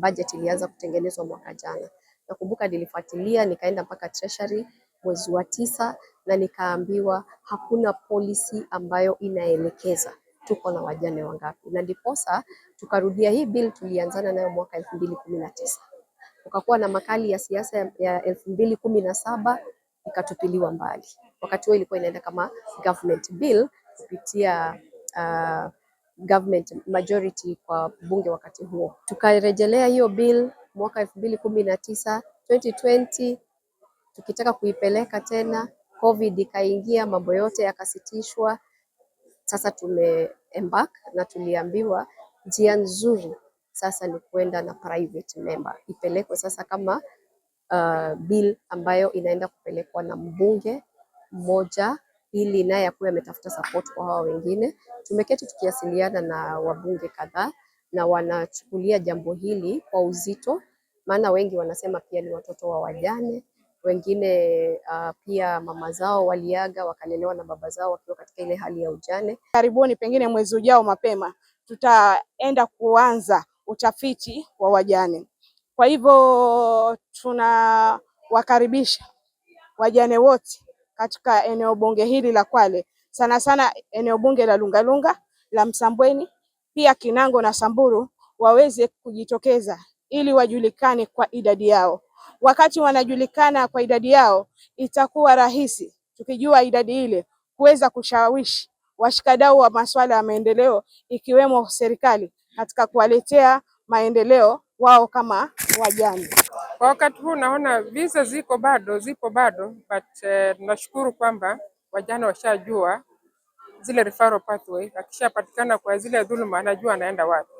budget ilianza kutengenezwa mwaka jana. Nakumbuka nilifuatilia nikaenda mpaka treasury mwezi wa tisa na nikaambiwa hakuna policy ambayo inaelekeza tuko na wajane wangapi, na ndiposa tukarudia hii bill tulianzana nayo mwaka elfu mbili kumi na tisa ukakuwa na makali ya siasa ya elfu mbili kumi na saba ikatupiliwa mbali. Wakati huo ilikuwa inaenda kama government bill kupitia uh, government majority kwa bunge wakati huo. Tukarejelea hiyo bill mwaka elfu mbili kumi na tisa 2020 tukitaka kuipeleka tena, COVID ikaingia, mambo yote yakasitishwa. Sasa tume embark na tuliambiwa njia nzuri sasa ni kuenda na private member, ipelekwe sasa kama uh, bill ambayo inaenda kupelekwa na mbunge mmoja ili naye akuwe ametafuta support kwa hawa wengine. Tumeketi tukiasiliana na wabunge kadhaa na wanachukulia jambo hili kwa uzito, maana wengi wanasema pia ni watoto wa wajane, wengine uh, pia mama zao waliaga wakalelewa na baba zao wakiwa katika ile hali ya ujane. Karibuni pengine mwezi ujao mapema tutaenda kuanza utafiti wa wajane. Kwa hivyo tunawakaribisha wajane wote katika eneo bunge hili la Kwale, sana sana eneo bunge la Lungalunga la Msambweni, pia Kinango na Samburu waweze kujitokeza ili wajulikane kwa idadi yao. Wakati wanajulikana kwa idadi yao, itakuwa rahisi tukijua idadi ile kuweza kushawishi washikadau wa masuala ya maendeleo ikiwemo serikali katika kuwaletea maendeleo wao kama wajani. Kwa wakati huu naona visa ziko bado, zipo bado but tunashukuru eh, uh, kwamba wajana washajua zile referral pathway. Akishapatikana kwa zile dhuluma, anajua anaenda wapi.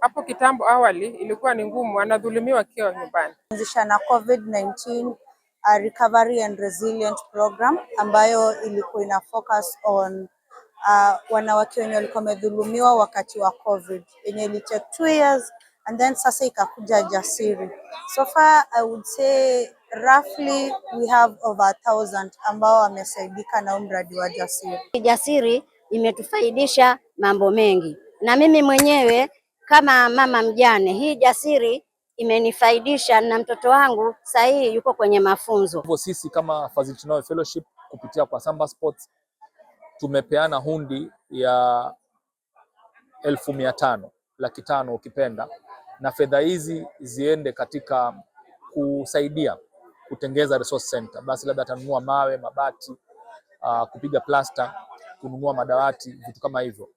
Hapo kitambo awali ilikuwa ni ngumu, anadhulumiwa akiwa nyumbani. Anzisha na COVID-19 a recovery and resilient program ambayo ilikuwa ina focus on uh, wanawake wenye walikuwa wamedhulumiwa wakati wa COVID yenye ilitake two years and then sasa ikakuja Jasiri. So far I would say roughly we have over thousand ambao wamesaidika na mradi wa Jasiri. Jasiri imetufaidisha mambo mengi, na mimi mwenyewe kama mama mjane, hii Jasiri imenifaidisha na mtoto wangu sasa hii yuko kwenye mafunzo. Hivyo sisi kama Fazil Fellowship kupitia kwa Samba Sports tumepeana hundi ya elfu mia tano laki tano ukipenda na fedha hizi ziende katika kusaidia kutengeza resource center, basi labda atanunua mawe, mabati, uh, kupiga plasta, kununua madawati, vitu kama hivyo.